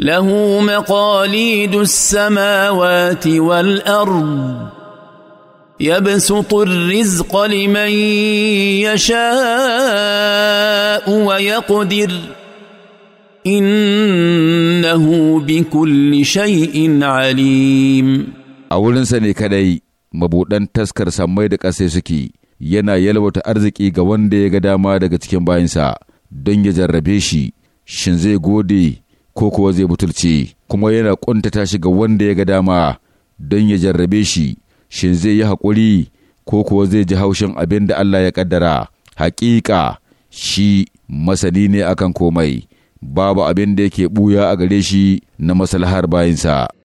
له مقاليد السماوات والارض يبسط الرزق لمن يشاء ويقدر انه بكل شيء عليم a wurinsa ne kadai mabuɗan taskar sammai da ƙasai suke yana yalwata arziki ga wanda ya ga dama daga cikin bayansa don ya jarrabe shi shin zai gode ko kuwa zai butulce kuma yana ƙuntata shi ga wanda ya ga dama don ya jarrabe shi shin zai yi haƙuri ko kuwa zai ji haushin abin da Allah ya ƙaddara haƙiƙa shi masani ne akan komai babu abin da yake buya a gare shi na maslahar bayinsa